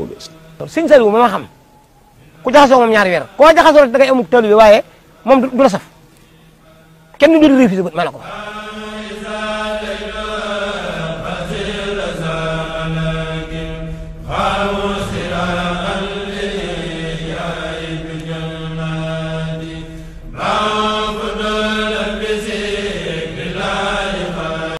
koo gis. sëñ Saliou ma xam ku jaxasoo moom ñaari weer koo jaxasoo rek dangay amul tool bi waaye moom du la saf kenn du dul refusé ma la ko. waaw